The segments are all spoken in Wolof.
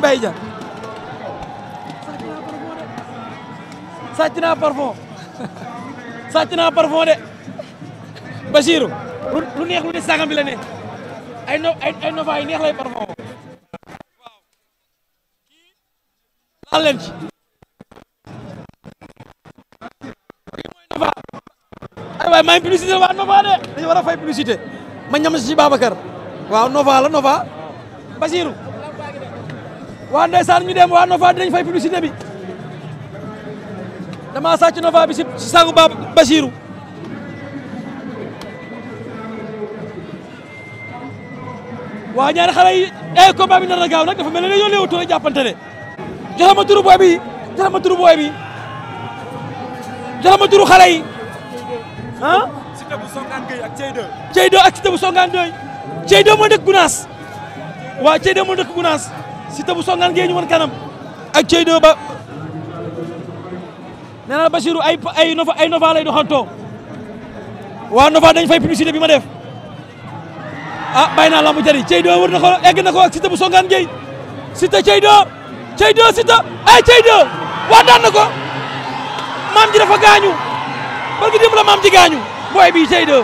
Mbaye Dia sàcc naa parfum sàcc naa parfum de Bachirou lu neex lu ne sagam bi la ne ay no ay nova yi neex lay parfum laal leen ay waay maa ngi publicité waa nova de dañu war fay publicité ma ñam si Babacar waaw nova la nova Bachirou waa ndeysaan ñu dem waa Nova dinañ fay publicité bi dama sàcc Nova bi si si ba Basiru waa ñaari xale yi ay eh, combat bi na gaaw nag dafa mel ne dañoo léewatoo rek jàppante ne joxe ma turu booy bi joxe ma turu booy bi joxe ma turu xale bu Songane Gueye ak Ceydo. moo dëkk Gunaas waa Ceydo moo dëkk Gunaas. Siteu bu songaan ngeen ñu woon kanam ak cey do ba nee naa Bachirou ay ay Nova ay waa Nova dañ fay publicité bi ma def ah bàyyi naa lambu jari cey do wër na ko egg na ko ak Siteu bu songaan ngeen Siteu cey do cey do Siteu ay cey do waa daan ko maam ji dafa gaañu barki démb la maam ji gaañu booy bi cey do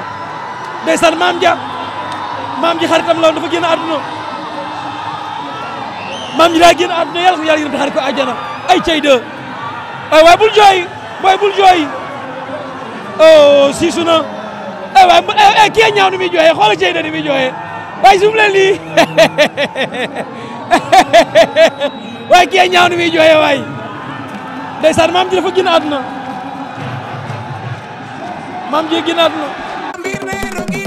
ndeysaan maam ja maam ji xaritam la dafa génn àdduna maam ji daa génn àdduna yàlla ko yàlla yërëm ko àjjana ay cey de ay waay bul jooy booy bul jooy oh siisu na ay waay eh, kii ñaaw ni muy jooyee xoola cey de ni muy jooyee waaye su mu leen lii waaye kii ñaaw ni muy jooyee waay ndeysaan maam ji dafa génn àdduna maam ji génn àdduna